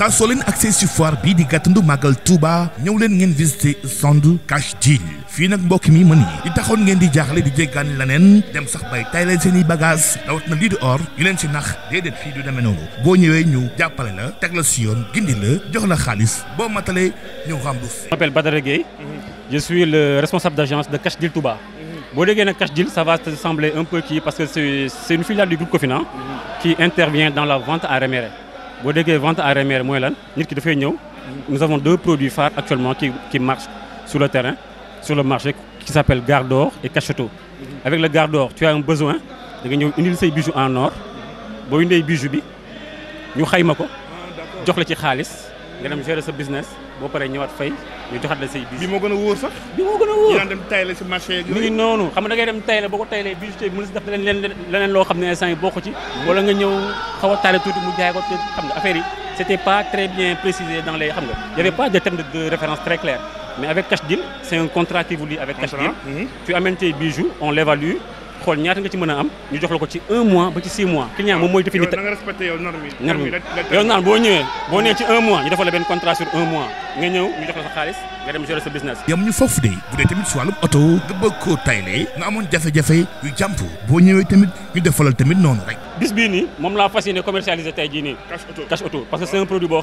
saa soo leen accès si foire bii di gàttandu màggal Touba ñëw leen ngeen visiter Sandu Cash Deal fii nag mbokk mi mën yi di taxoon ngeen di jaaxle di jéggaani leneen dem sax bay tay leen seen i bagage rawat na lii di or ñu leen si nax déedéet fii du demee noonu boo ñëwee ñu jàppale la teg la si yoon gindi la jox la xaalis boo matalee ñu remboursé. Je m'appelle Je suis le responsable d'agence de Cash Deal Touba. boo déggee nag Cash Deal ça va te un peu que c'est c'est une filiale la vente boo déggee vente à rémère mooy lan nit ki dafay ñëw nous avons deux produits phares actuellement qui qui marchent su le terrain su le marché qui s'appelle Gare d'Or et Cacheto avec le Gare d'Or tu as un besoin da nga ñëw indil say bijoux en or boo indee bijoux bi ñu xayma ko jox la ci xaalis nga dem gérer sa business boo paree ñëwaat fay ñu joxaat la say bis. bi moo gën a wóor sax. bi moo gën a wóor ñu noonu xam nga da ngay dem tayle boo ko taylee bijouterie bi mu ne si def leneen leneen loo xam ne instant yi bokk ci. wala nga ñëw xaw a mu jaay ko te xam nga affaire yi c' pas très bien précisé dans les xam nga y avait pas de terme de référence très clair mais avec Cash Deal c' un contrat qui vous avec Cash Deal mhm. tu amènes tes bijoux on l' xool ñaata nga ci mën a am ñu jox la ko ci un mois ba ci six mois client moom mooy définir nga respecté yow naan boo ñëwee boo nee ci un mois ñu defal benn contrat un mois nga ñëw ñu jox la sa xaalis nga dem gérer sa business yam ñu foofu de bu dee tamit si wàllum oto nga bëgg koo taylee nga amoon jafe-jafe yu jàmp boo ñëwee tamit ñu defalal tamit noonu rek bis bii nii moom laa fas yéene commercialiser tey jii nii cash auto parce que c'est produit boo a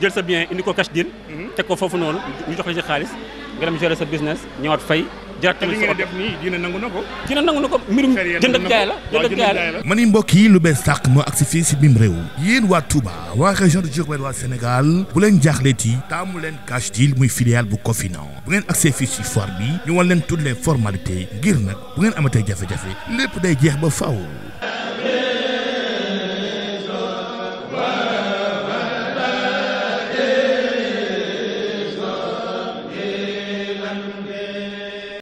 jël sa bien indi ko cash deal mhm. teg ko foofu noonu ñu jox la ci xaalis nga dem gérer sa business ñëwaat fay jëlaat tamit sa def nii dina nangu na ko dina na ko mbirum jënd ak la jënd ak jaay la ma ni mbokk yi lu bees sàq moo agsi fii si biim réew yéen waa Touba waa région de Diourbel waa Sénégal bu leen jaaxleeti taamu leen cash muy filiale bu Cofinan bu ngeen agsee fii si foire bi ñu wan leen toutes les formalités ngir nag bu ngeen amatee jafe-jafe lépp day jeex ba faaw